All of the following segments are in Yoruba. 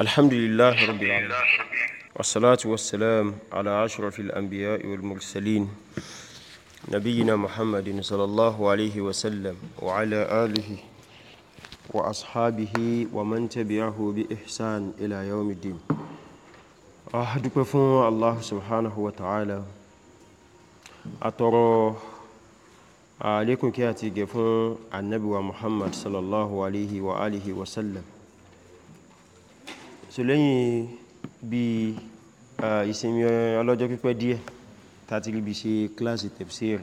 الحمد لله رب العالمين والصلاة والسلام على أشرف الأنبياء والمرسلين نبينا محمد صلى الله عليه وسلم وعلى آله وأصحابه ومن تبعه بإحسان إلى يوم الدين أحدك فون الله سبحانه وتعالى أترى عليكم كياتي فون النبي محمد صلى الله عليه وآله وسلم so lẹ́yìn bí ìsinmi ọlọ́jọ́ pípẹ́ díẹ̀ tàti rí ṣe kíláàsì tafsir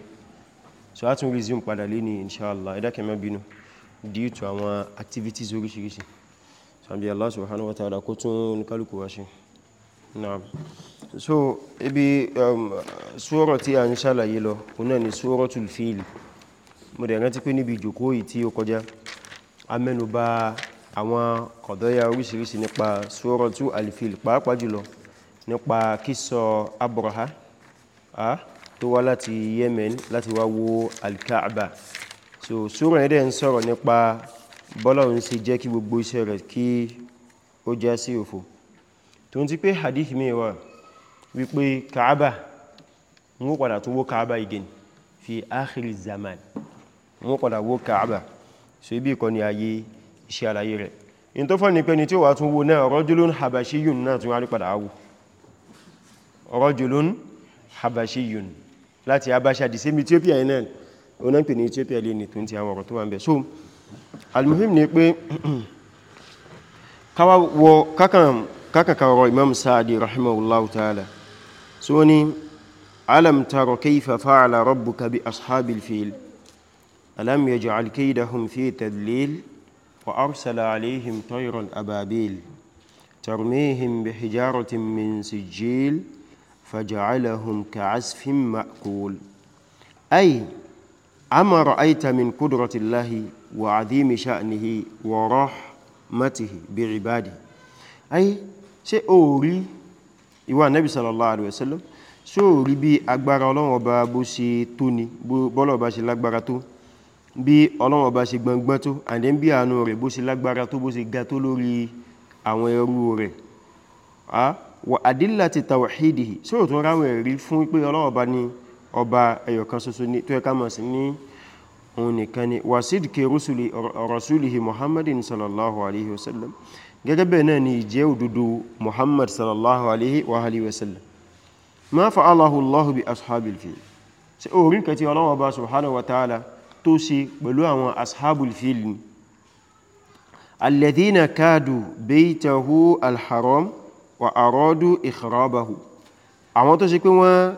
so a tún resume padà lé ní inshallah ẹ̀dákẹ́mẹ́ bínú due to àwọn activities oríṣiríṣi so àbí Allah subhanahu wa ta'ala kó tún kálùkù wá ṣe naam so ibi um, sura tí a ń ṣàlàyé lọ òun náà ni suratul Fil mo dẹ̀ rántí pé níbi ìjòkó yìí tí ó kọjá a àwọn kọ̀dọ́yà oríṣiríṣi nípa suratu alifil pàápàá jùlọ nípa kíso abúrọ̀há tó wá láti Yemen láti wá wó alkaaba so sura ẹ̀dẹ̀ ń sọ̀rọ̀ nípa bọ́lọ̀un ṣe jẹ́ kí gbogbo iṣẹ́ rẹ̀ kí ó já sí òfò tó ń ti pé hadith mi wípé kaaba ń wó padà tó wó kaaba again fi akhir zaman ń wó padà wó kaaba so ibi ìkọ́ ni ayé ṣe àlàyé rẹ̀ in tó fọ́n ní pé ní tí ó wà tún wo náà rajulun habashiyun náà tún wá ní padà awú rajulun habashiyun láti Habasha di same Ethiopia iná oná pè ní Ethiopia lè ní tún ti àwọn ọ̀rọ̀ tó wà ń bẹ̀ so almuhim ni pé káwà wọ kákàkà ọ̀rọ̀ Imam Sa'di rahimahullahu ta'ala so ni alam tara kayfa fa'ala rabbuka bi ashabil fil alam yaj'al kaydahum fi tadlil وأرسل عليهم طير الأبابيل ترميهم بحجارة من سجيل فجعلهم كعسف مأكول أي أما رأيت من قدرة الله وعظيم شأنه ورحمته بعباده أي سأوري ìwà nẹ́bí sallallahu الله عليه وسلم bí agbára أكبر الله bó ṣe tó ní bọ́lọ̀ bá ṣe bí Ọlọ́run ọba ṣe gbọngbọ́n tó and then bí àánú rẹ̀ bó ṣe lágbára tó bó ṣe ga tó lórí àwọn ẹrú rẹ̀ wa adillati tawhidihi sóò tó ráwẹ̀ rí fún pé Ọlọ́run ọba ni ọba ẹyọ̀kan ṣoṣo ní tó ẹka mọ̀ sí ní òun nìkan ni wa sidki rusuli rasulihi muhammadin sallallahu alaihi wasallam gẹ́gẹ́ ọba subhanahu tó ṣe pẹ̀lú àwọn ashabul fili alladhina kadu baytahu alharam wa aradu ikhrabahu àwọn tó ṣe pé wọ́n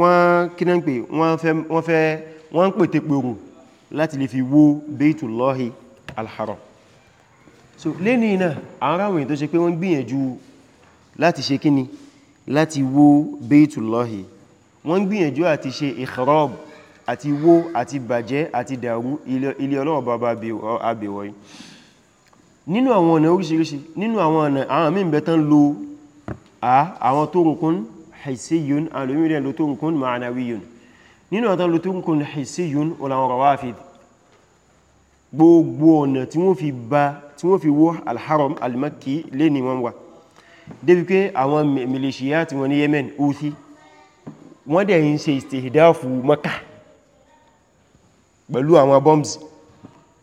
wọ́n kí náà pé wọ́n fẹ́ wọ́n pètè pèrò láti lè fi wó baytullahi alharam so lẹ́ni iná aráwìn tó ṣe pé wọ́n gbìyànjú láti ṣe kíni láti wó baytullahi wọ́n gbìyànjú àti ṣe ikhrab àti wó àti bàjẹ́ àti dàrú ilé ọlọ́wọ̀ bàbá abèwọ̀ yìí nínú àwọn ọ̀nà oríṣiríṣi nínú àwọn ọ̀nà àwọn míì bẹ̀ tán lo àwọn tórunkún hissiyun alomílẹ̀ lo tórunkún ma'anawiyun nínú àwọn lo tórunkún hissiyun olàwọn rawafid gbogbo ọ̀nà tí wọ́n fi bá tí wọ́n fi wó alharam almakki lé ní wọn wà débi pé àwọn milishiyat wọn ní Yemen Houthi wọ́n dẹ̀ ń ṣe istihdafu Makkah pẹ̀lú àwọn bombs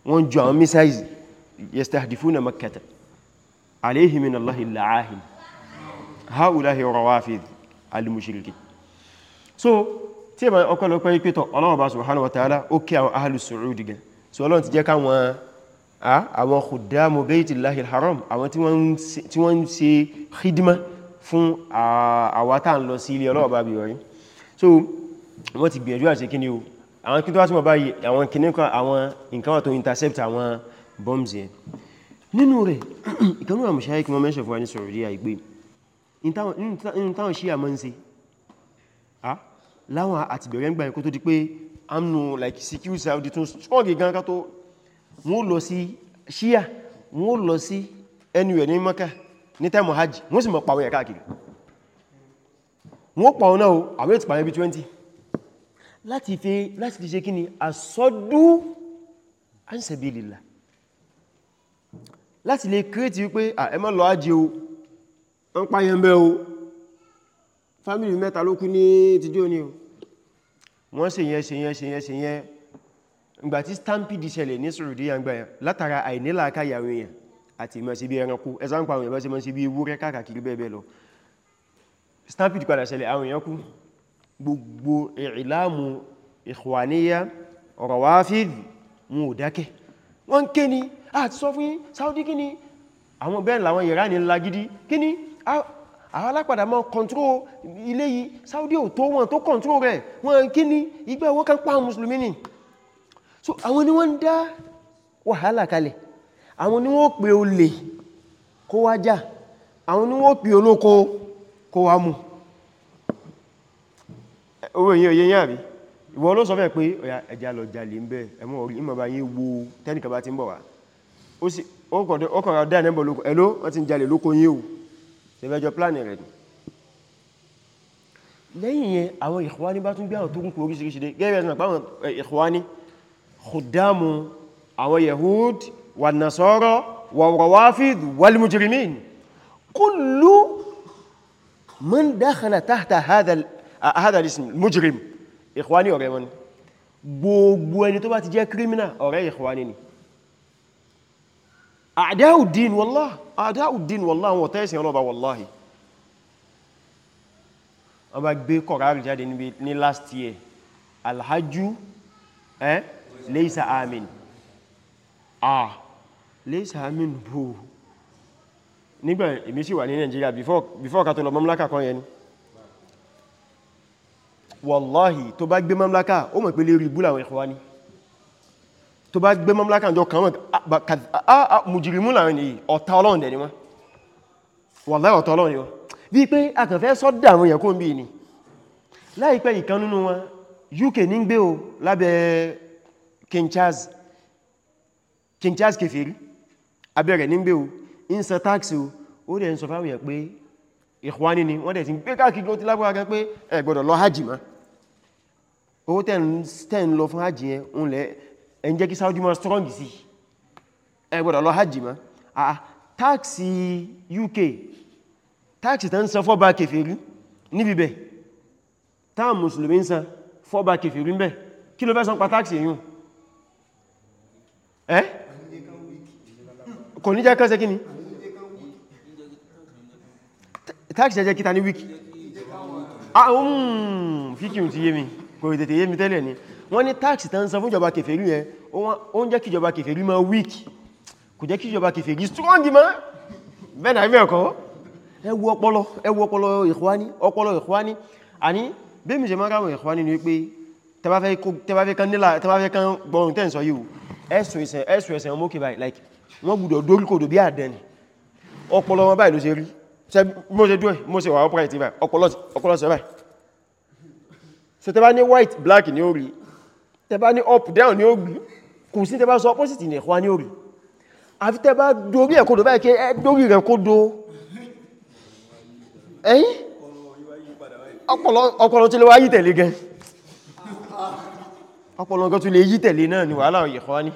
wọ́n ju àwọn missiles yastahdifuna makkata alayhi min allahi la'ahin haulahi rawafid al-mushrikin so tí ma ọkọlọpọ̀ ipé tọ Ọlọ́run bá subhanahu wa ta'ala ó kí àwọn ahlu su'udi gan so Ọlọ́run ti jẹ́ káwọn àwọn khuddamu baytillahi al-haram àwọn tí wọ́n ń ṣe khidma fún so wọ́n ti gbìyànjú àti àwọn kí tó wá túnmọ̀ báyìí àwọn kìníkan àwọn nǹkan wà tó intercept àwọn bombs yẹn nínú rẹ̀ ìkanú àwọn ṣáyé kí wọ́n mẹ́ṣẹ̀ fún wa ní sọ̀rọ̀ rí àìgbé nínú táwọn ṣíyà mọ́ ń ṣe láwọn àti bẹ̀rẹ̀ ń gbà ẹ̀kọ́ tó di pé amnu like secure saudi tún strong gan ká tó wọ́n lọ sí ṣíyà wọ́n lọ sí ẹnu ẹ̀ ní maka ní tẹ́mù hajj wọ́n sì mọ̀ pàwọn ẹ̀ káàkiri wọ́n pàwọn náà àwọn ètò pàwọn ibi 20 láti fi láti fi ṣe kí ni àsọ́dú ansabilillah láti lè kírètì wípé àẹ́mọ́ lọ ájé o ń páyẹ mẹ́ o fámílì mẹ́ta ló kú ní tíjó ní o wọ́n ṣe yẹn ṣe yẹn ṣe yẹn ṣe yẹn ìgbà tí stampede ṣẹlẹ̀ ní sùrùdí yàngbà yàn látara àìnílàáká yàwó èèyàn àti ìmọ̀ sí bí ẹranko ẹ̀sán pàwọn ìbáṣe mọ́ sí bí ewúrẹ́ káàkiri bẹ́ẹ̀ bẹ́ẹ̀ lọ stampede padà ṣẹlẹ̀ àwọn èèyàn kú gbogbo ìlàmù ìkwàníyà rawafid mú ò dákẹ́ wọ́n ké ní àti sọ fún Saudi kí ni àwọn bẹ́ẹ̀ làwọn Iran ńlá gidi kí ni àwọn alápàdà mọ́ kọntró ilé yìí Saudi ò tó wọn tó kọntró rẹ̀ wọ́n kí ni igbẹ́ wọ́n kan pa mùsùlùmí ni so àwọn ni wọ́n ń dá wàhálà kalẹ̀ àwọn ni wọ́n pè olè kó wá àwọn ni wọ́n pè olóko kó wá mú owó èyí òye yàrí ìwọ ló sọ fẹ́ pé ọ̀yà ẹja lọ jalè ń bẹ́ ẹmú orí ìmọ̀bá yí wo tẹ́nìkan bá ti ń bọ̀ wá ó wal mujrimin kullu man dakhala tahta hadha هذا الاسم المجرم ìkwáni ọ̀rẹ́ wọn gbogbo ẹni tó bá ti jẹ́ kírímínà ọ̀rẹ́ ìkwáni ni àdáhùdín wọ́lá àdáhùdín wọ́lá wọn tẹ́sìn ọlọ́ba wọ́láhì wọ́n bá gbé kọ̀rárì jáde ní last year alhajju eh leisa amin ah leisa amin boo nígbà èmi sì Nigeria before before ká tó lọ mamlaka kan yẹn ni wàláhì tó bá gbé mamlaka ó mọ̀ pé lè rí búlà àwọn ìkwá ní tó bá gbé mamlaka jọ kàn mọ̀ mùjìrìmú láàrin ní ọ̀tá ọlọ́run dẹ̀ ni wọ́n wàláhì ọ̀tá ọlọ́run yọ bí pé akànfẹ́ sọ́dá àwọn èèyàn kó ń bí ni láìpẹ́ ìkan nínú wọn UK ó dẹ̀ ń sọ fáwọn èèyàn pé ìkwá wọ́n dẹ̀ ti gbé káàkiri ó ti lágbára pé ẹ lọ hajjì máa owó tẹ́n lọ fún hajji yẹn ń lẹ́ ẹn jẹ́ kí Saudi ma strong sí ẹgbọ́dọ̀ lọ hajji ma a táàkì UK táàkì tán san fọ́bà kèfèrí níbi bẹ̀ táà mùsùlùmí ń san fọ́bà kèfèrí bẹ̀ kí ló fẹ́ san pa táàkì yìí ẹ́ kò ní jẹ́ kánṣẹ́ kí ni táàkì jẹ́ kí ta ní wíkì ah um fíkì ti yé mi kò tètè yé mi tẹ́lẹ̀ ni wọ́n ní tax tán san fún ìjọba kèfèrí yẹn ó ń jẹ́ kí ìjọba kèfèrí máa weak kò jẹ́ kí ìjọba kèfèrí strong mọ́ bẹ́ẹ̀ náà mẹ́ẹ̀kọ́ ẹ wo ọpọlọ ẹ wo ọpọlọ ìkwáni ọpọlọ ìkwáni àní bí mi ṣe máa ráwọn ìkwáni ni pé tẹbáfẹ́ kan nílà tẹbáfẹ́ kan gbọ́rùn tẹ́ ń sọ yìí ẹ̀sùn ìsẹ̀ ẹ̀sùn ìsẹ̀ ọmọ òkè báyìí like wọ́n gbùdọ̀ dóríkòdò bí àdẹni ọpọlọ wọn báyìí ló ṣe rí mo ṣe dúẹ̀ mo ṣe wà ọpọlọ ìtìbà so tẹba ní white black ní orí tẹba ní up down ní orí kò sí tẹba sọ opposite ní ẹ̀kọ́ ní orí àfi tẹba dorí ẹ̀kọ́dọ̀ báyìí kí ẹ dorí rẹ̀ kódó ẹ̀yìn ọpọlọ tí lè wá yí tẹ̀lé gan ọpọlọ gan tí lè yí tẹ̀lé náà ni wàhálà ẹ̀kọ́ ní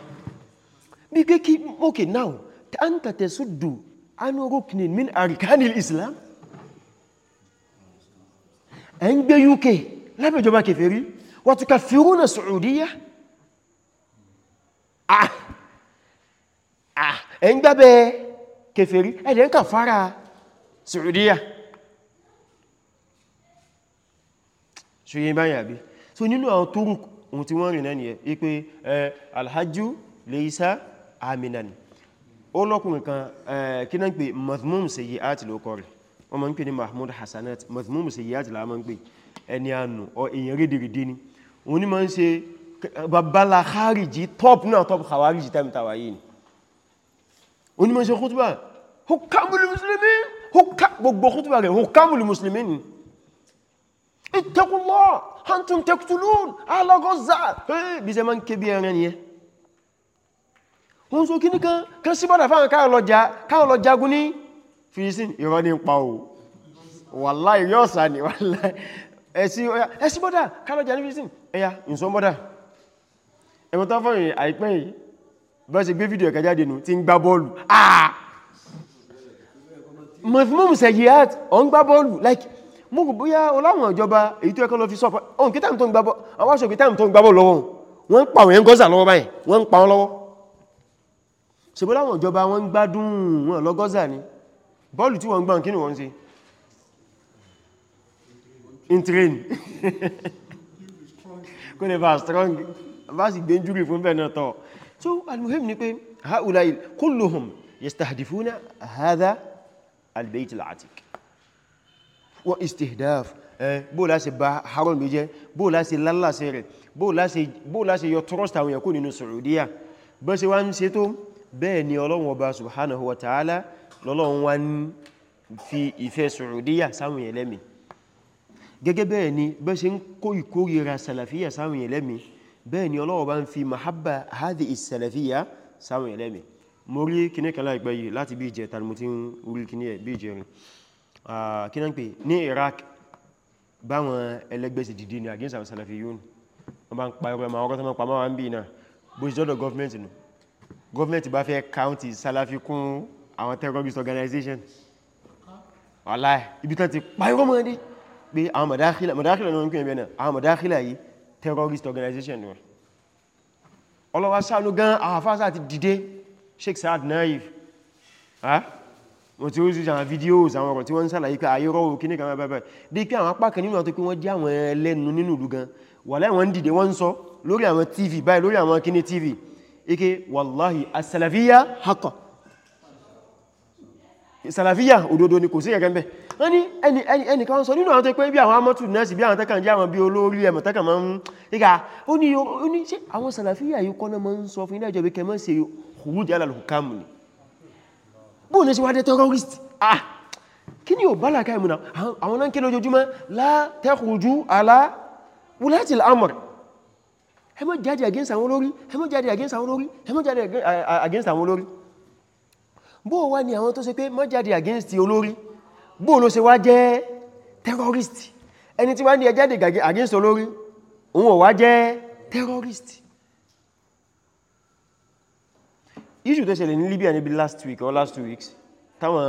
bí pé kí okay now anta tasuddu an ruknin min arkanil islam ẹ̀ ń gbé UK lábẹ́ ìjọba kèfèrí wa tukaffiruna Saudiya ẹ̀ ń gbábẹ́ kèfèrí ẹ̀dẹ̀ ń kàfàrà Saudiya ṣoyẹ báyà bí so nínú àwọn tó ohun tí wọ́n rìn náà nìyẹn wípé alhajju laysa aminan ó lọ́kùnrin kan kí náà ń pè mazmum sayyi'at lókọ rẹ̀ wọ́n ma ń pè ní mahmud hasanat mazmum sayyi'at láàmọ́ ń pè ẹni ànù èyàn rédèrèdè ni òun ní ma ń ṣe babala khariji top náà top khawariji time tawa yìí ni òun ní ma ń ṣe khutba hukamul muslimin gbogbo khutba rẹ̀ hukamul muslimin ni ittaqullah antum taqtulun ala Gaza bí ṣe ma ń ké bí ẹran yẹn wọ́n sọ kí ní kan kan síbọ̀dà fáwọn káwọn lọ jagun ní Filistin ìrọ́ ní pa ò wallahi yọ́ sà ní wallahi ẹ̀sí ọya ẹ̀sí bọ́dá kálọ̀jà ní fíìsìn ẹ̀yà ìsọ bọ́dá ẹ̀mọ́ tó fọ́rin àìpẹ́ yìí bọ́ sí gbé fídíò ẹ̀kàjáde nù tí ń gbá bọ́ọ̀lù àà mọ̀fímọ̀mù sẹ̀yíyàt ọ ń gbá bọ́ọ̀lù like mú kù bóyá ọláwọn ìjọba èyí tó ẹkọ́ lọ fi sọ́pọ̀ ọ̀n kí táàmù tó ń gbá bọ́ọ̀lù àwọn aṣọ kí táàmù tó ń gbá bọ́ọ̀lù lọ́wọ́ wọ́n ń pa àwọn ẹngọ́zà lọ́wọ́ báyìí wọ́n ń pa wọn lọ́wọ́ ṣe bọ́láwọn ìjọba wọ́n ń gbádùn wọn lọ́gọ́zà ni bọ́ọ̀lù tí wọ́n ń gbá kí ni wọ́n ń ṣe in train kó lè bá strong bá sì gbé jùrì fún bẹ́ẹ̀ tọ́ so al-muhim ni pé haulai kulluhum yastahdifuna hadha al-bayt al-atiq wa istihdaf bóòlá ṣe bá haron ló jẹ́ bóòlá ṣe lálàṣẹ rẹ̀ bóòlá ṣe yọ trust àwọn ẹ̀kọ́ nínú Saudiya bọ́ ṣe wá ń ṣe tó bẹ́ẹ̀ ni Ọlọ́run Ọba subhanahu wa ta'ala lọ́lọ́run wá ń fi ìfẹ́ Saudiya sáwọn ẹlẹ́mìí gẹ́gẹ́ bẹ́ẹ̀ ni bẹ́ ṣe ń kó ìkórira sàlàfíyà sáwọn èèyàn lẹ́mí bẹ́ẹ̀ ni Ọlọ́run bá ń fi mahabba hadhi ìsàlàfíyà sáwọn èèyàn lẹ́mí mo rí kíní kan láìpẹ́ yìí láti bí ìjẹ tàbí mo ti ń orí kíní ẹ̀ bí ìjẹrin kí náà ń pè ní Iraq báwọn ẹlẹ́gbẹ́ sì dìde ní against àwọn sàlàfí yóò wọ́n bá ń pa ẹgbẹ́ pé àwọn mọ̀dáhílà mọ̀dáhílà ní wọ́n kí ẹ̀bẹ̀ náà àwọn mọ̀dáhílà yìí terrorist organization wọn ọlọ́wà sáànú gan àfáàsá ti dìde Sheikh Saad Naif wọ́n tí ó zúzà àwọn videos àwọn ọ̀rọ̀ tí wọ́n ń sàlàyé pé ayé rọ́wọ́ kí ní kan bẹ́bẹ̀ dí pé àwọn apá kan nínú àti pé wọ́n jẹ́ àwọn ẹlẹ́nu nínú ìlú gan wà láwọn dìde wọ́n ń sọ lórí àwọn TV báyìí lórí àwọn kíní TV ike wallahi asalafiya haqqan sàlàfíyà òdodo ni kò sí ẹ̀gẹ́ ń bẹ̀ wọ́n ní ẹni ẹni ẹni kan sọ nínú àwọn tó pé bí àwọn amọ́tù náà sí bí àwọn tẹ́kàn jẹ́ àwọn bí olórí ẹmọ̀ tẹ́kàn máa ń ríga ó ní ó ní ṣe àwọn sàlàfíyà yìí kọ́nà máa ń sọ fún ilé ìjọba kẹmọ́ sí hùwúdí alàlùkàmù ni bó ní ṣe wá dé terrorist ah kí ni ò bá làkà ìmú náà àwọn náà ń ké lójoojúmọ́ látẹ́kùjú alá wùlátì al'amr ẹ má jáde against àwọn olórí ẹ má jáde against àwọn olórí ẹ má jáde against àwọn olórí bó wá ní àwọn tó ṣe pé má jáde against olórí bó ló ṣe wá jẹ́ terrorist ẹni tí wá ní ẹjáde against olórí òun ò wá jẹ́ terrorist issue tó ṣẹlẹ̀ ní Libya níbi last week or last two weeks táwọn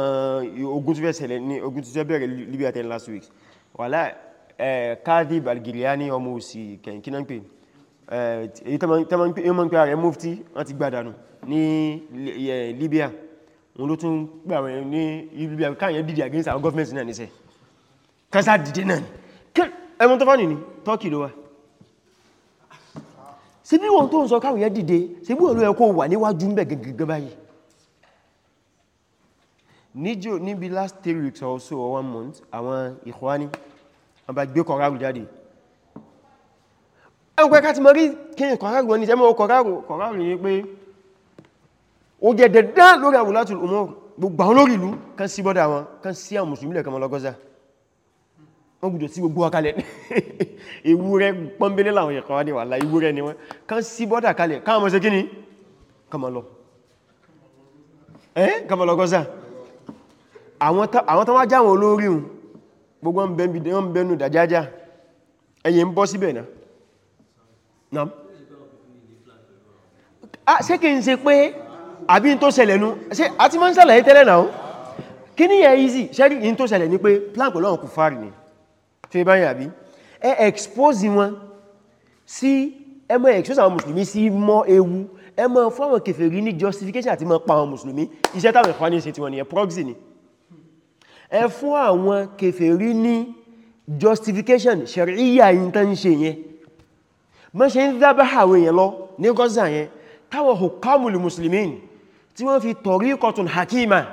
uh, ogun tó fẹ́ ṣẹlẹ̀ ní ogun tó bẹ̀rẹ̀ Libya ten last week wàlá Kadhib al-Gilani ọmọ òsì kẹ̀kínà ń pè èyí tó máa ń pè ààrẹ mufti wọ́n ti gbádànù ní Libya wọn ló tún pé àwọn èèyàn ní ibi káàyàn dìde against our government náà níṣẹ́ kásá dìde náà ni ẹmọ tó fánì ní Turkey ló wà sí bí wọn tó ń sọ káwọn dìde sí bí wọn ló wà níwájú mẹ́ gẹ́gẹ́gẹ́ báyìí last three weeks or so or one month àwọn Ikhwani wọn bá gbé kọ̀ráàrù jáde ẹgbẹ́ ká ti mọ́ rí kí kọ̀ráàrù wọn ni ó jẹ́ dẹ̀dán lórí àwùlátù umar gbogbo àwọn lórí ìlú kan sí bọ́dá wọn kan sí àwọn musulmi lẹ́kan ọlọ́gọ́zá wọ́n gbùdọ̀ sí gbogbo ọkalẹ̀ ewúrẹ́ rẹ láwọn ẹ̀kọ́ wá ní ni kan sí bọ́dá wọn olórí un gbogbo wọn bẹnu dàjájá ẹ̀yẹ ń bọ́ síbẹ̀ náà ah, kí n pé àbí tó ṣẹlẹ̀ nú ṣe a ti máa ń ṣàlàyé tẹ́lẹ̀ náà kí ní ẹ̀ easy ṣẹ́rí in tó ṣẹlẹ̀ ní pé plan pẹ̀lú àwọn kùfàrí ni tí bá yà bí ẹ expose wọn sí ẹ má expose àwọn mùsùlùmí sí mọ́ ewu ẹ má fọ́wọ̀n kèfèrí ní justification àti má pa àwọn mùsùlùmí iṣẹ́ táwọn ẹ̀fà ní ṣe ti wọn ni ẹ ni ní justification ṣẹ̀ríyà yìí tán ṣe yẹn mọ́ ṣe ń dábáhà àwọn èèyàn lọ ní tí wọ́n fi tariqatun hakima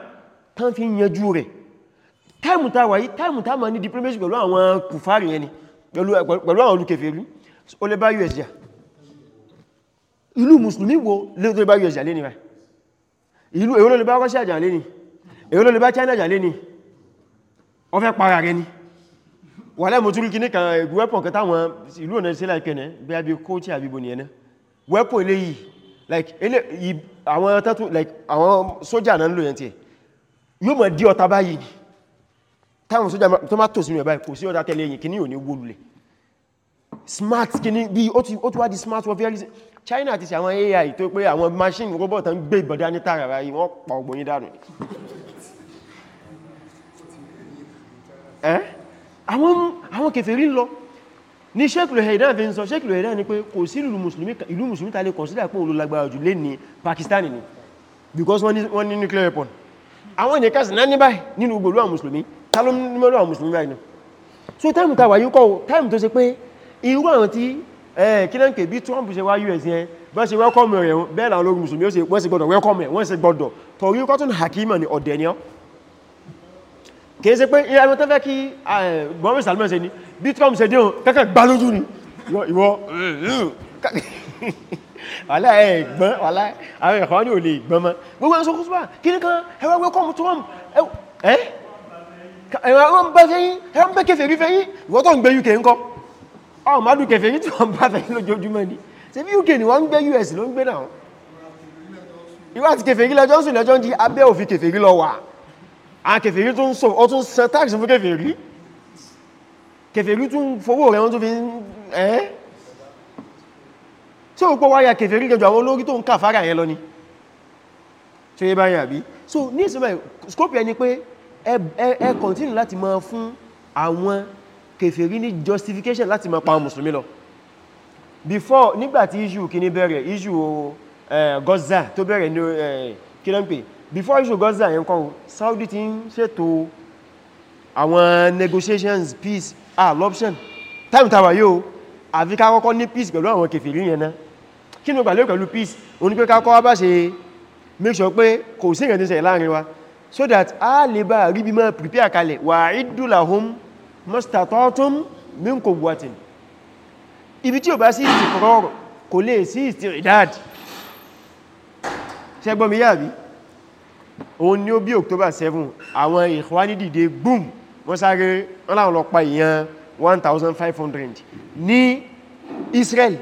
tán fi yanjú rẹ̀ táìmù tá wà yí táìmù tá ma ní diplomacy pẹ̀lú àwọn kùfàrí ẹni pẹ̀lú àwọn olùkèfèrí ó lè bá us jà ìlú mùsùlùmí wo lè tó lè bá us jà lé ní rẹ̀ ìlú èwo ló lè bá Russia jà lé ní èwo ló lè bá China jà lé ní ó fẹ́ para rẹ̀ ni wà lẹ́mù tún kí ní kan wẹ́pọ̀n kẹta àwọn ìlú ọ̀nà sílẹ̀ kẹ́nẹ̀ bí i kóòtì àbíbò nìyẹn wẹ́pọ̀n eléyìí like ele àwọn tatu like àwọn sójà náà ń lò yẹn tí ẹ yóò mọ̀ dí ọta báyìí ni táwọn sójà tó má tò sí mẹ́bàá kò sí ọta tẹ́lẹ̀ yìí kìíní ò ní wó lulẹ̀ smart kìíní bí ó ti wá di smart warfare China ti ṣe àwọn AI tó pé àwọn machine robot ń gbé ìbọ̀dá ní tààrà báyìí wọ́n pa ọgbọ̀n yí dànù àwọn kèfèrí lọ ní Sheikh Al-Haydan fi ń sọ Sheikh al ni pé kò sí ìlú musulmi ìlú musulmi ta consider pé olólagbára jù lé ní Pakistan ni because wọ́n ní nuclear weapon àwọn ènìyàn kásì náà ní báyìí nínú gbogbo àwọn musulmi ta ló ní àwọn musulmi báyìí so time ta wà yíkọ́ time tó ṣe pé irú àwọn tí kílẹ̀ǹkè bí Trump ṣe wá US yẹn bá ṣe welcome rẹ̀ bẹ́ẹ̀ làwọn ológun musulmi wọ́n sì gbọ́dọ̀ welcome rẹ̀ wọ́n sì gbọ́dọ̀ torí kọ́tún hakima ni ọ̀dẹ̀ ni ọ́ kìí ṣe pé ìyanu tó fẹ́ kí Mohamed Salman ṣe ní bí Trump ṣe díhùn kẹ́kẹ́ gbá lójú ni ìwọ hmm. wàlá ẹ̀ gbọ́n wàlá àwọn ẹ̀kọ́ ní ò lè gbọ́n mọ́ gbogbo ẹ̀sọ́ kúsùpá kí ní kan ẹwà welcome Trump ẹ́ ẹ̀wà ń bẹ́ fẹ́yìn ẹwà ń bẹ́ kẹfẹ̀rí fẹ́yìn ìwọ tó ń gbé UK ńkọ́ ọ màdù kẹfẹ̀rí tí wọ́n bá fẹ́yìn lójoojúmọ́ ni ṣe bí UK ni wọ́n ń gbé US ló ń gbé náà ìwà àti kẹfẹ̀rí lẹ́jọ́ ń sùn lẹ́jọ́ ń di abẹ́ òfin kẹfẹ̀rí lọ wà a ah, kèfèrí tó ń sọ ọ tó ń sẹ táàkì fún kèfèrí kèfèrí tó ń fowó rẹ̀ wọ́n tó fi ń ẹ́ tí ó pọ̀ wáyà kèfèrí gẹjọ àwọn olórí tó ń kà fara yẹn lọ ni tí ó yẹ báyà bí so ní ìsinmi scope ẹni pé ẹ continue láti máa fún àwọn kèfèrí ní justification láti máa pa mùsùlùmí lọ before nígbàtí issue kìíní bẹ̀rẹ̀ issue Gaza tó bẹ̀rẹ̀ ní kí ló pè before issue Gaza yẹn kọ́ Saudi ti ń ṣètò àwọn negotiations peace ah option time tàwà yóò àfi ká kọ́kọ́ ní peace pẹ̀lú àwọn kèfèrí yẹn náà kí ní gbà lè pẹ̀lú peace o ní pé ká kọ́wọ́ bá ṣe make sure pé kò sí ìrìn ṣe láàrin wa so that a lè bá rí bí mọ́ prepare kalẹ̀ wa'iddu lahum mastata'tum min quwwatin ibi tí ò bá sí ìsìnkọ̀rọ̀ kò lè sí ìsìnkọ̀rọ̀ òun ni ó bí October 7 àwọn ìkwáni dìde boom wọ́n sáré wọ́n láwọn lọ pa èèyàn 1500 ní Israel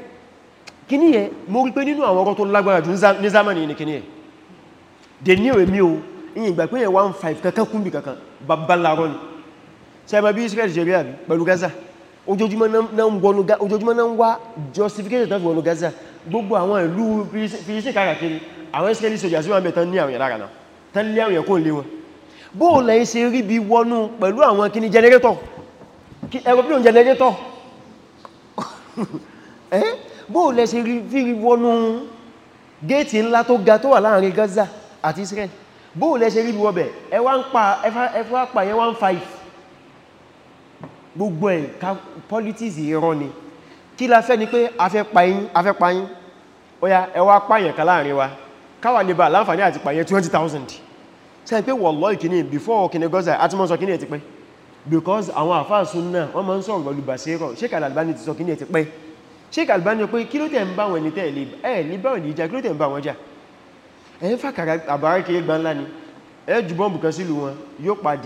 kíní yẹ mo rí pé nínú àwọn ọkọ̀ tó lágbára jù ní zamani ní kíní yẹ dè ní èmi o ìyìn ìgbà pé yẹ 15 kankan kúmbì kankan bàbá lárọ́ ni sẹ́mọ̀ bí Israel jẹ́rí àbí pẹ̀lú Gaza ojoojúmọ́ náà ń wá justification tó fi wọnú Gaza gbogbo àwọn ìlú Filistin káàkiri àwọn Israeli soldiers wọ́n mẹ́ta ní àwọn ìlànà tán lé àwọn ẹ̀kọ́ lé wọn bóòlẹ̀ iṣẹ́ rí bí wọnú pẹ̀lú àwọn kíní jẹnẹrétọ̀ aeroplane jẹnẹrétọ̀ bóòlẹ̀ iṣẹ́ rí wọnú gẹ́ẹ̀tì ńlá tó ga tó wà láàrin Gaza àti Israel bóòlẹ̀ iṣẹ́ rí bí wọbẹ̀ ẹwà pa yẹn 1.5 gbogbo ẹ̀ politics ìran ni kí la fẹ́ ni pé afẹ́ pa yín afẹ́ pa yín ó yá ẹwà pààyàn kan láàrin wa káwà lè bá láǹfàní àti pàyẹ 20,000 ṣe pé wallahi ìkíní before kìní gọ́sà àti mọ́ sọ kíní ẹ̀ ti pẹ́ because àwọn àfáà súnnà wọ́n ma ń sọ̀rọ̀ pẹ̀lú bàṣírọ̀ Sheikh Al-Albani ti sọ kíní ẹ̀ ti pẹ́ Sheikh albani pé kí ló tẹ̀ ń bá wọn nítẹ̀ ẹ̀ lè bá wọn ìjà kí ló tẹ̀ ń bá wọn jà ẹ̀ ń fàkàrà àbára kiri gbá ńlá ni ẹ jù bọ́m̀bù kan sílù wọn yóò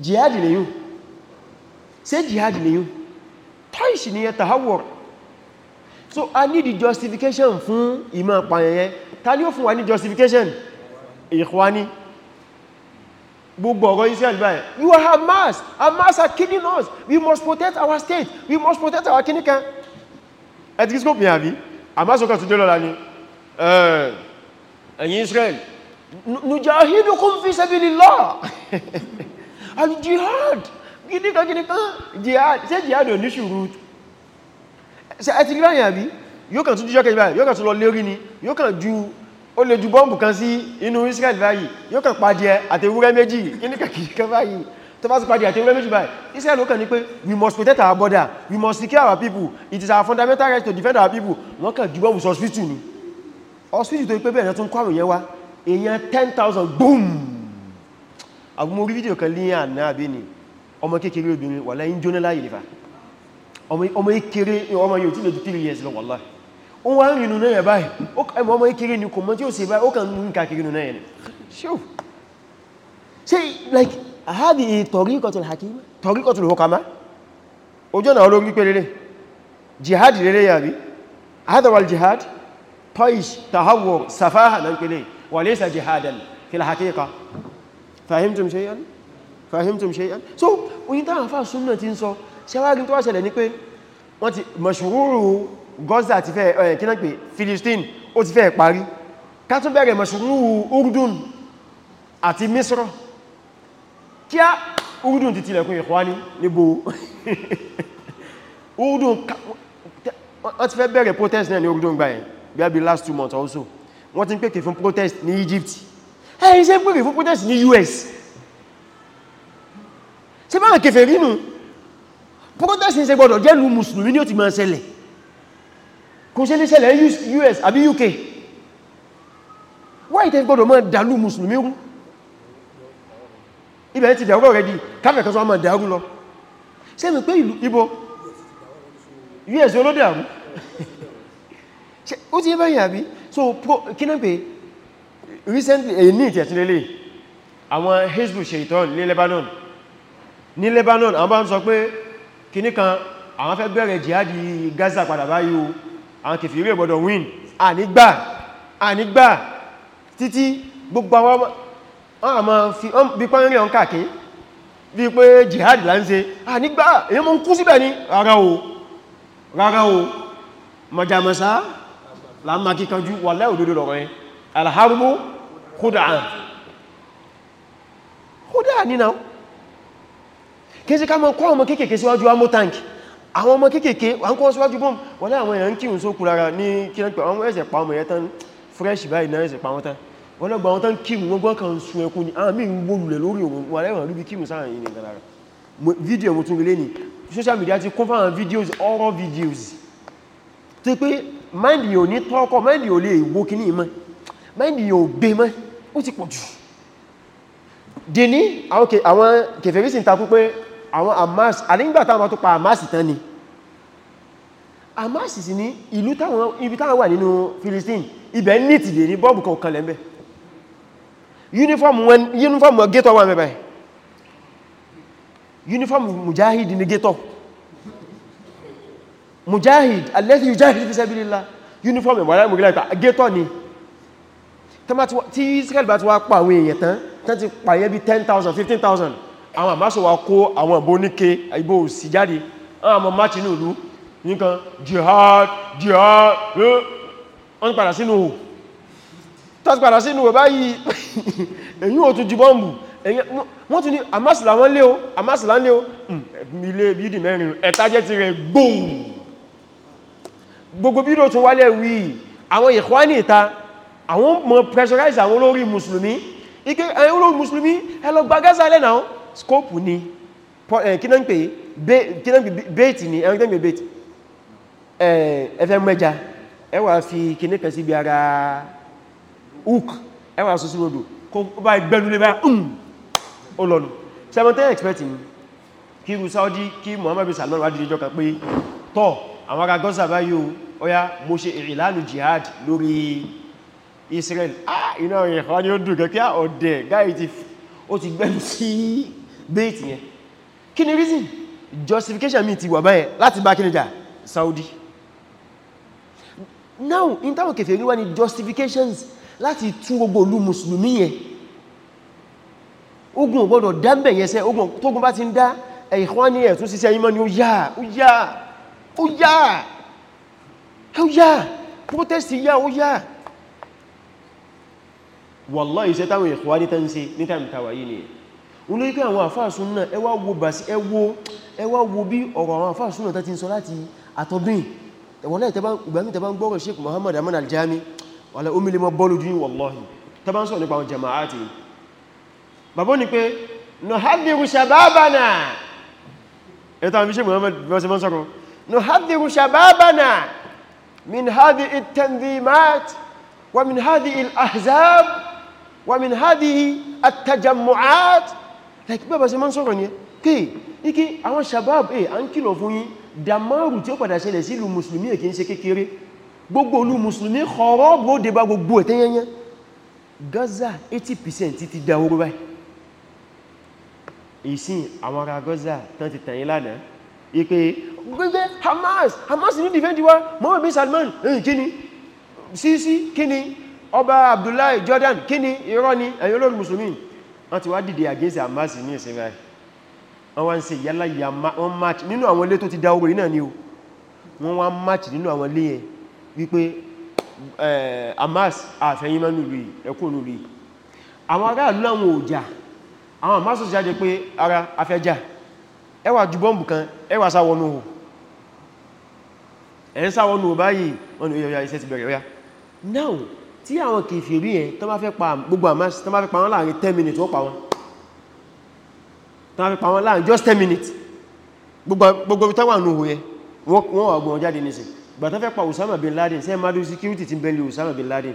jihad ni yùn ṣé jihad lè yùn taish ni yatahawwar so I need justification fún ìmọ̀ pàyẹ̀yẹ ta ni ó fún wa ní justification ikhwani gbogbo ọ̀rọ̀ Israel báyẹ̀ you are Hamas Hamas are killing us we must protect our state we must protect our kinikan etiskop ni àbí Hamas ọkà tó dọ́lọ́la ni ẹ̀yin Israel nujahidukum fi sabilillah al-jihad gíníkan gíníkan jihad ṣe jihad ò ní ṣùrù ṣe ẹ ti rí báyìí àbí yóò kàn tún jíjọ́ kẹjì báyìí yóò kàn tún lọ lérí ni yóò kàn ju ó lè ju bọ́m̀bù kan sí inú Israel báyìí yóò kàn pàdé àtewúrẹ́ méjì gíníkan gíníkan báyìí tó bá sì pàdé àtewúrẹ́ méjì báyìí Israel ó kàn ní pé we must protect our border we must secure our people it is our fundamental right to defend our people wọ́n kàn ju bọ́m̀bù hospital ni hospital tó pé bẹ́ẹ̀ tún kọ́ àrùn yẹn wá èèyàn 10,000 boom àgbọmọ orí fídíò kan ní àná àbí ni ọmọ kékeré obìnrin wà láyín jóná láyé lè fa ọmọ ìkéré ọmọ yóò tí lè 3 years lọ wàlá ó wá ń rìnú náà báyìí ọmọ ìkéré ni kò mọ́ tí ó ṣe báyìí ó kàn ń kàkiri náà yẹn ṣe like àhádi tọ̀ríkọtùl hakima tọ̀ríkọtùl hukama ojú ọ̀nà olórí pé lélẹ̀ jihad lélẹ̀ yàrí hadawal jihad toish tahawur safaha na pẹ̀lẹ̀ wà lẹ́sà jihadan fil haqiqa fahimtum shay'an fahimtum shay'an so oyin táwọn fà súnmọ̀ tí ń sọ ṣẹwàágin tó wá ṣẹlẹ̀ ní pé wọ́n ti mọ̀ṣúrúrù Gaza ti fẹ́ ẹ̀ eh, kí náà pé Philistine ó ti fẹ́ parí ká tún bẹ̀rẹ̀ mọ̀ṣúrúrù Urdun àti Misra kí á Urdun ti tilẹ̀kùn ìkwáni níbo Urdun wọ́n ti fẹ́ bẹ̀rẹ̀ protest náà ní Urdun gbáyẹn bí i last two months also wọ́n ti ń pèkè fún protest ní Egypt ẹ̀yìn ṣe pèkè fún protest ní US ṣe máa kèfè rínú protest ní ṣe gbọdọ̀ jẹ́lú mùsùlùmí ní ó ti máa ṣẹlẹ̀ kò ṣe lè ṣẹlẹ̀ US àbí UK why tẹ́ gbọdọ̀ máa dàlú mùsùlùmí rú ibẹ̀ ti dàrú already káfẹ̀kọ́ sọ máa dàrú lọ ṣe mi pé ibo US olóde àrú ó ti bẹ́yìn àbí so kí náà pé recently èyí ní ìtẹ̀tún lélẹ̀ àwọn Hezbollah ṣe ìtọ́ ní Lebanon ní Lebanon àwọn bá ń sọ pé kìní kan àwọn fẹ́ bẹ̀rẹ̀ jihadi Gaza padà báyìí o àwọn kèfèrí ò gbọdọ̀ win ànígbà ànígbà títí gbogbo àwọn ma fi bí pọ́n rí ọ̀nkà kí bí pé jihadi là ń ṣe ànígbà èyí mọ́ ń kú síbẹ̀ ní rárá o rárá o mọ̀jàmọ̀sá láàmà kíkanjú wà lẹ́ òdodo lọ̀rọ̀ ẹ alhárbó kódà kódà nínú kí sí ká mọ́ kọ́ ọmọ kéèkéé síwájú amó tank àwọn ọmọ kéèkéé wọ́n kọ́ síwájú bọ́m wọ́n ní àwọn èèyàn kírùn sókù lára ní kílẹ̀pẹ̀ àwọn ẹ̀sẹ̀ pa ọmọ yẹn tán fresh báyìí náà ẹ̀sẹ̀ pa wọ́n tán wọ́n lọ́gbà wọ́n tán kírùn wọ́n gbọ́n kan sun ẹkùn ni àwọn míì ń wó lulẹ̀ lórí òun wà lẹ́wọ̀n rí bí kírùn sáà yìí nìkan lára fídíò mo tún rí lé ní social media ti kún fáwọn videos horror videos tó pé mind yóò ní tọ́kọ̀ mind yóò lè wo kíní mọ́ mind yóò gbé mọ́ ó ti pọ̀ jù dì ní ah, àwọn kèfèrí sì ń takú pé àwọn amas àdíngbà táwọn tó pa amasi tán ni amasi sì ní ìlú táwọn ibi táwọn wà nínú Philistine ibẹ̀ ní ti lè ní bọ́ọ̀bù kan kan lẹ́m̀bẹ̀ uniform wọn gẹ́tọ̀ wà mẹ́bẹ̀ uniform mujahid ni gẹ́tọ̀ mujahid alladhi yujahid fi sabilillah uniform ìwàlá mùgílá gẹ́tọ̀ ni tí Israel bá ti wá pa àwọn èèyàn tán tán ti pààyẹ́ bí 10,000 15,000 àwọn àmásọ̀ wa kó àwọn ìbò níke ìbò sí jáde àwọn àmọ́ máa tinú ìlú nìkan jihad jihad eh. wọ́n padà sínú ò tọ́sí padà sínú ò báyìí èyí ò tún jibọ́mbù wọ́n tún ní àmásìlá wọ́n lé o àmásìlá lé o ilé hmm, bídì mẹ́rin ẹ̀ta jẹ́ ti rẹ̀ gbóòm gbogbo bídì ó tún wálẹ̀ ike olórí mùsùlùmí ẹ lọ gba lẹ́nà scope ni eh, kíná ń pè bẹ́ẹ̀tì ni ẹ̀rọ ìgbẹ̀mẹ̀ bẹ́ẹ̀tì ẹfẹ́ mẹ́ja ẹ wá fi kíní kan sí bí ara hook ẹ wá sọ sí odò kó bá gbẹ́lúlé bá ń olọ́nu 17 expect ni kí rú Saudi kí Muhammadu salman wájú ìjọ kan pé tọ́ àwọn ará gọ́sà bá yóò ọya mo ṣe ìrìnlánù jihad lórí Israel ah iná ìrìn àwọn ni ó dùn kẹ́kẹ́ ah, ọ̀dẹ̀ gáyì ti gbẹ́lú sí bait yẹn kí ni reason justification mi ti wà báyẹn láti bá kíníjà Saudi now in táwọn kèfèé ní wá ní justifications láti tún gbogbo olú musulmi yẹn ogun ò gbọ́dọ̀ dámbẹ̀ yẹn sẹ́ ogun tógun bá ti ń dá ẹ̀yìnkwá ní ẹ̀tún síṣẹ́ yímọ́ ni ó yá ó yá ó yá ó yá protest yá ó yá wallahi iṣẹ́ táwọn ẹ̀yìnkwá ní tẹ́ ń ṣe ní tàbí tàwà yìí nìyẹn olóyí pé àwọn àfáàsúnnà ẹwà wo bà sí ẹwà wo bí ọ̀rọ̀ àwọn àfáàsúnnà tó ti ń sọ láti àtọ́dún wọ́lẹ̀ ìgbàmí tẹbá ń gbọ́rọ̀ Sheikh Muhammad Aman Al-Jami wàlẹ̀ omi lè mọ́ bọ́ọ̀lù jú wallahi tẹbá ń sọ nípa àwọn jama'ati bàbọ́ ni pé nuhadhiru shababana ẹ̀tọ́ àmì Sheikh Muhammad ahzab wa min at-tajammu'at like bẹ́bà ṣe máa ń sọ̀rọ̀ ní ẹ kí ikí àwọn shabab ẹ̀ eh, a ń kìlọ̀ fún yín damaru tí ó padà ṣẹlẹ̀ sí ìlú musulmi èkí ń ṣe kékeré gbogbo olú musulmi kọ̀rọ̀ bó dé gbogbo ẹ̀tẹ́yẹnyẹ Gaza 80% ti da oró báyìí ìsìn àwọn ará Gaza tán ti tàn yín lánàá ipe gbogbo Hamas Hamas ní dìfẹ́ndì wa Mohammed bin Salman ẹ̀yìn eh, Sisi kíni ọba Abdullahi Jordan kíni irọ́ ni ẹ̀yin olórin musulmi wọ́n ti wá dìde against Hamas ní ìsinmi rẹ̀ wọ́n wá ń ṣe yálà yà wọ́n match nínú àwọn ilé tó ti dáwó rí náà ni o wọ́n wá match nínú àwọn ilé yẹn wípé Hamas àfẹ́yìnmá nùlù ẹkùn nùlù àwọn ará ìlú àwọn òjà àwọn Hamas ó sì jáde pé ara afẹ́jà ẹ wá ju bọ́m̀bù kan ẹ wá sáwọnú hù ẹ̀ ń sáwọnú báyìí wọ́n ni ó yẹ iṣẹ́ tí àwọn kèfèrí yẹn tó bá fẹ́ pa gbogbo àmáṣì tó bá fẹ́ pa wọ́n láàrin 10 minutes wọ́n pa wọ́n tó bá fẹ́ pa wọ́n láàrin just 10 minutes gbogbo tó wà nùhù yẹ wọ́n wà gbọ́n jáde nìsìn gbà tó fẹ́ pa Osama bin Laden sẹ́ madu security ti bẹ̀lẹ̀ Osama bin Laden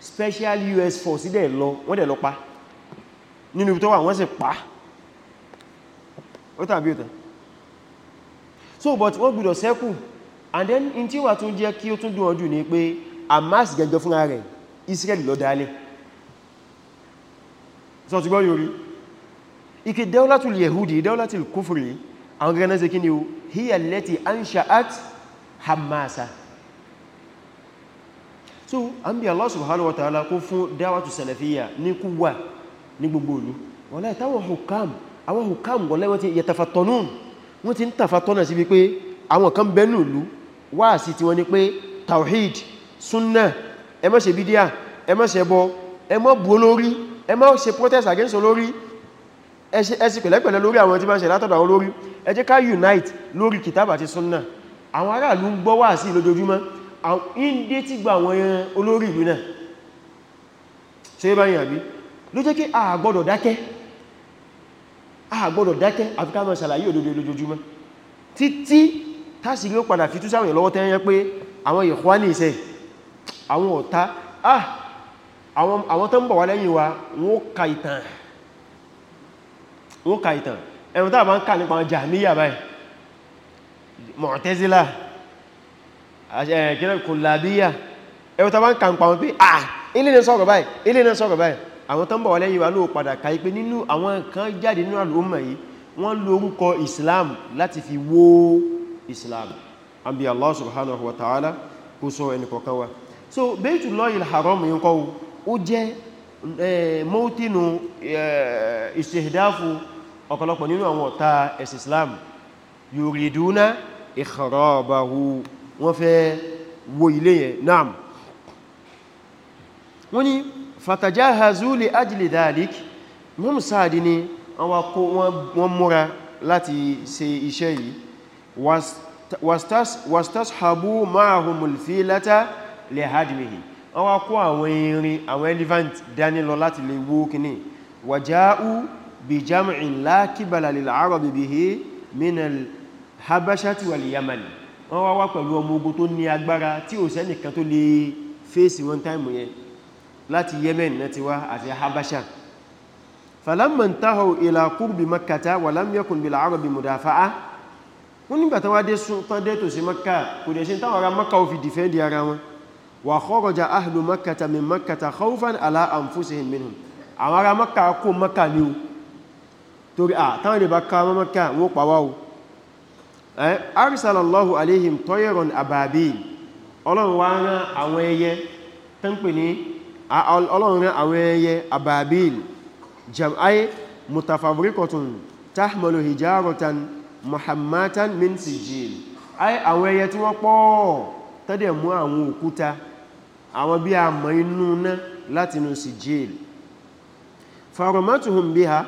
special US force dẹ̀ lọ wọ́n dẹ̀ lọ pa nínú tó wà wọ́n sì pa ó tàbí òtàn so but wọ́n gbọ́dọ̀ sẹ́kù and then in tí wà tún jẹ́ kí ó tún Hamas gẹ̀gẹ̀ fúnra rẹ̀ Israel lọ dálẹ̀ sọ ti gbọ́ yorí ike dẹ́ọ́látùl yehudi dẹ́ọ́látùl kúfùrí àwọn gẹ́gẹ́ ṣe kí ni o hiya lẹ́ti ansha'at hamasa so an bí Allah subhanahu wa ta'ala kó fún dáwàtù salafiyya ní kúwà ní gbogbo olú wọ́n láì táwọn hukam àwọn hukam wọ́n láì wọ́n ti yatafattanun wọ́n ti ń tafatọ́nà sí wípé àwọn kan bẹ́nu súnnà ẹ má ṣe bídíà ẹ má ṣe bọ ẹ má bú olórí ẹ má ṣe protest against olórí ẹ sì pẹ̀lẹ́pẹ̀lẹ́ lórí àwọn tí ma ṣe látọ̀dọ̀ àwọn olórí ẹ jẹ́ ká unite lórí kìtàbà àti súnnà àwọn aráàlú ń gbọ́ wà sí lójoojúmọ́ ìndé ti gba àwọn olórí ìlú náà ṣe bá yìn àbí ló jẹ́ kí a gbọ́dọ̀ dákẹ́ a gbọ́dọ̀ dákẹ́ àfi ká máa ṣàlàyé òdodo lójoojúmọ́ títí tásìrí ó padà fi tú sáwọn ìlọ́wọ́ tẹ́yẹn pé àwọn ìkwá ní ìṣẹ́ àwọn ọ̀tá ah àwọn tó ń bọ̀ wá lẹ́yìn wa wọ́n ka ìtàn wọ́n ka ìtàn ẹ̀rùn tàbí ń kà nípa Jahmiyya báyìí Mu'tazila eh, Kullabiyya ẹ̀rùn tàbí ń nípa wọn pé ah ilé ní sọ̀rọ̀ báyìí ilé ní sọ̀rọ̀ báyìí àwọn tó ń bọ̀ wá lẹ́yìn wa ló padà ka kan jáde nínú al-umma yìí wọ́n Islam láti Islam àbí Allah subhanahu wa ta'ala kó so Baytullahil Haram yín kọ́ ó jẹ́ mọ́tínú istihdafu ọ̀pọ̀lọpọ̀ nínú àwọn ọ̀tá ẹ̀sì Islam yuriduna ikhrabahu wọ́n fẹ́ wo ilé yẹn naam wọ́n ni fatajahazu li ajli dhalik mọ́mù sáàdì ni wọ́n múra láti ṣe iṣẹ́ yìí wastashabu ma'ahumul filata lè hajjimihi wọ́n wá kó àwọn irin àwọn elephant dání lọ láti lè wó kíní wà jáú bí jam'in lákíbalà lè àárọ̀ bihi min al-habashati wal yamani wọ́n wá wá pẹ̀lú ọmọ ogun tó ní agbára tí ò sẹ́nìkan tó lè fèsì wọn táìmù yẹn láti yemen náà ti wá àti habasha falamman tahaw ila qurbi makkata wa lam yakun bil arabi mudafa'a wọ́n nígbàtà wá dé tọ́dẹ́ tòsí makka kò dẹ̀ sí táwọn makka ò fi dìfẹ́ ara wọn wa kharaja ahlu makkata min makkata khawfan ala anfusihim minhum àwọn ará makka kó makka ní o torí à táwọn ìbá ká makka wọ́n pàwá o arsalallahu alaihim tayran ababil ọlọ́run wá rán àwọn ẹyẹ tán pè ní ọlọ́run rán àwọn ẹyẹ ababil jam'ai mutafavrikotun tahmalu hijaratan muhammatan min sijil ai àwọn ẹyẹ tí wọ́n pọ̀ tọ́dẹ̀ mú àwọn òkúta àwọn bí a mọ̀ inú ná láti inú sí jail faromatuhun bí ha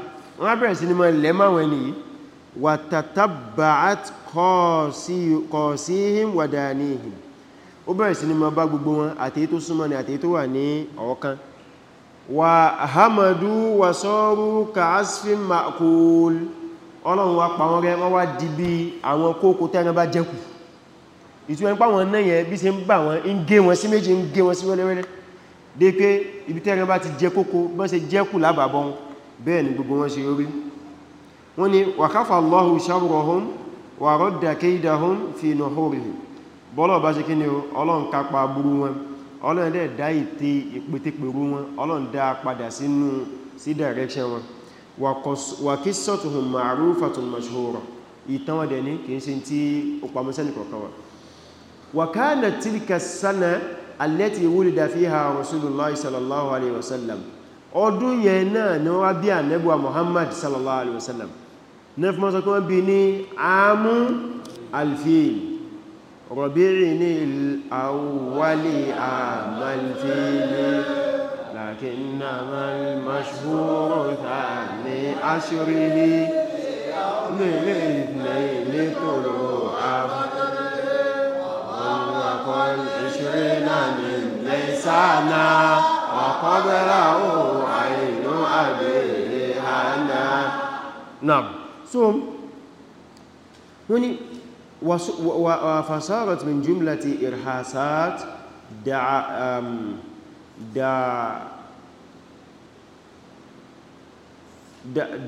wọ́n bẹ̀rẹ̀ sí ni mọ́ lẹ́máwẹ̀ ní wàtàtàbàát kọ̀ọ̀síhìn wàdàníhìn ó bẹ̀rẹ̀ sí ni mọ́ bá gbogbo wọn àtèyí tó súnmọ́ ni àtèyí tó wà ní ọ̀kan wà hamadu wà sọ́rú kàásfin makul ọlọ́run wá pa wọ́n rẹ́ wọ́n wá di bí àwọn kókó tẹ́ran ìtúwẹ́ ń pà wọn náà yẹn bí ṣe ń bà wọn ń gé wọn sí méjì ń gé wọn sí wẹ́lẹ́wẹ́lẹ́ dé pé ibi tẹ́rẹ bá ti jẹ kókó bọ́n ṣe jẹ́kù lábàbọ́n bẹ́ẹ̀ ni gbogbo wọn ṣe orí wọ́n ni wàkáfà Allahu sharrahum wà radda kaydahum fi nuhurihim bọ́lọ̀ bá ìtàn wọn ní kìí ṣe tí ó pamọ́ sẹ́nì وكانت تلك السنة التي ولد فيها رسول الله صلى الله عليه وسلم ọdún yẹn náà ni wọ́n bí ànẹ́bùwa Muhammad sallallahu alaihi wasallam ní fún mọ́sán kí wọ́n bí ní àmú alfil rọ̀bírí ní àwọ̀wálì ní aṣírí ní ilé ìlẹ́ ìlẹ́ tọ́lọ́ عشرنا من ليسانا وقد رأوا عين أبيه هانا نعم ثم هنا وفصارت من جملة إرهاسات دع دع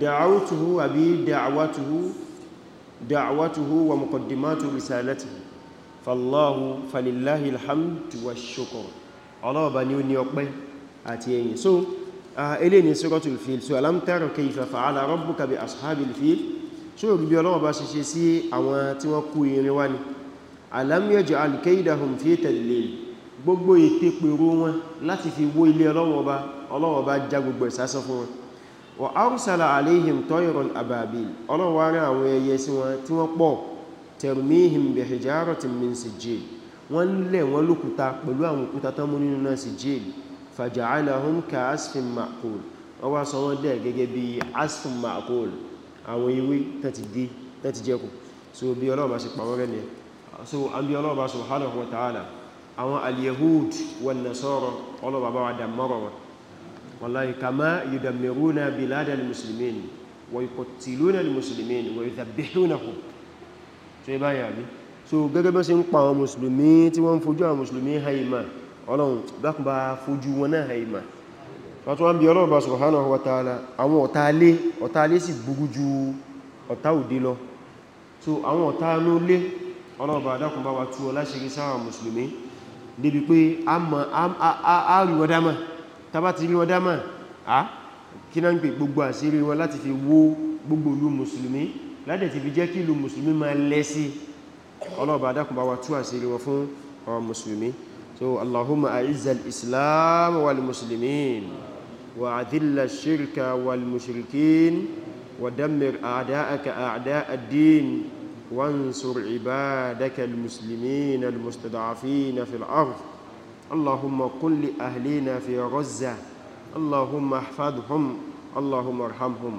دعوته أبي دعوته دعوته ومقدمات رسالته fallahu falillahi alhamdu wa shukr Allah ba ni ó ní ọpẹ́ àti ẹ̀yìn so ilé ni suratul fil so alam tara kayfa fa'ala rabbuka bi ashabil fil so bí Ọlọ́run bá ṣiṣẹ́ sí àwọn tí wọ́n kú irin wá ni alam yaj'al kaydahum fi tadlil gbogbo ète pèrò wọn láti fi wó ilé Ọlọ́run bá Ọlọ́run bá termihim bi hijaratin min sijil wọ́n lẹ̀ wọ́n lókúta pẹ̀lú àwọn òkúta tán mú nínú náà sijil faja'alahum ka asfin ma'kul wọ́n wá sọ wọ́n dẹ̀ gẹ́gẹ́ bí asfin ma'kul àwọn ewé tán jẹ́kù so bí Ọlọ́run bá ṣe pàwọ́ rẹ̀ tó so gẹ́gẹ́ bó ṣe ń pa àwọn mùsùlùmí tí wọ́n ń fojú àwọn mùsùlùmí haima ọlọ́run dákùn bá fojú wọn náà haima wọ́n tó wá bí ọlọ́run bá subhanahu wa àwọn ọ̀tá alé sì gbogbo ju ọ̀tá òde lọ so àwọn ọ̀tá anú lé ọlọ́run bá dákùn bá wa tú ọ láṣìírí sáwọn a rí wọn dámà tàbá ti rí wọn dámà á kí náà ń láti ti fi jẹ́ kí ìlú musulmi ma lẹ́sí ọlọ́ọ̀bá dákun bá wa tún àṣírí wọn fún ọmọ musulmi so allahumma a'izzal islam wal muslimin wa adilla shirka wal mushrikin wa dammir a'da'aka a'da'ad din وانصر عبادك المسلمين المستضعفين في allahumma kulli ahli na fi غزة allahumma احفظهم allahumma ارحمهم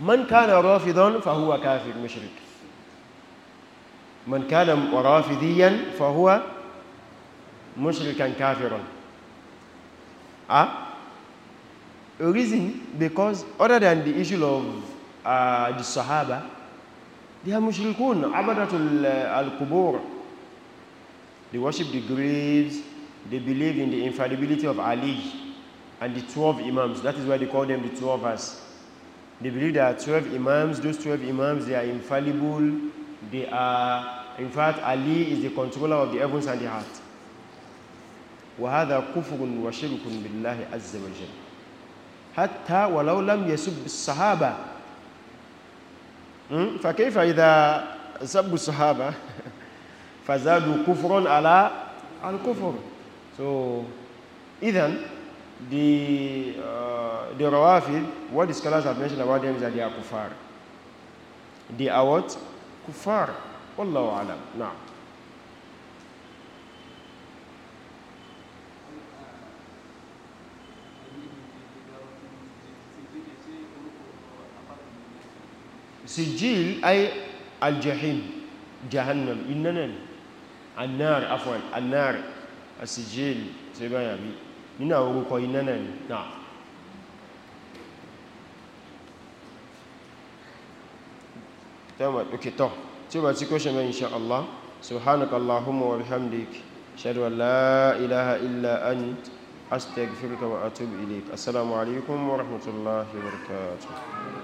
من كان رافضا فهو كافر مشرك من كان رافضيا فهو مشركا كافرا ah a reason because other than the issue of uh, the sahaba they are mushrikun abadatul uh, al Kubur. they worship the graves they believe in the infallibility of ali and the 12 imams that is why they call them the 12 us they believe there are 12 imams. Those 12 imams, they are infallible. They are, in fact, Ali is the controller of the heavens and the heart. وهذا كفر وشرك بالله عز وجل حتى ولو لم يسب الصحابة hmm? فكيف إذا سب الصحابة فزادوا كفرا على الكفر so إذن the, uh, Rawafid, what the scholars have mentioned about them is that they are kuffar. They are what? Kuffar. Wallahu alam. Now. سجيل أي الجحيم جهنم إننا النار عفوا النار السجيل سيبان يا بي nínú àwọn orúkọ iná náà ni náà tẹ́wàá òkètọ̀ tí ó bá tí kó ṣe mẹ́ insha Allah subhanaka Allahumma wa bihamdik shadu la ilaha illa ant astaghfiruka wa atubu ilayk assalamu alaikum wa rahmatullahi wa barakatuh